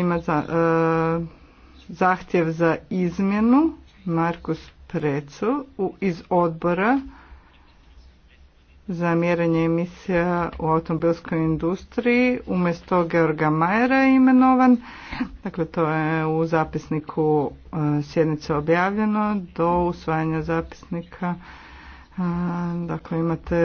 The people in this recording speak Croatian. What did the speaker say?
ima za, zahtjev za izmjenu Markus Precu iz odbora za mjerenje emisija u automobilskoj industriji umjesto Georga Majera je imenovan. Dakle, to je u zapisniku sjednice objavljeno do usvajanja zapisnika. Dakle, imate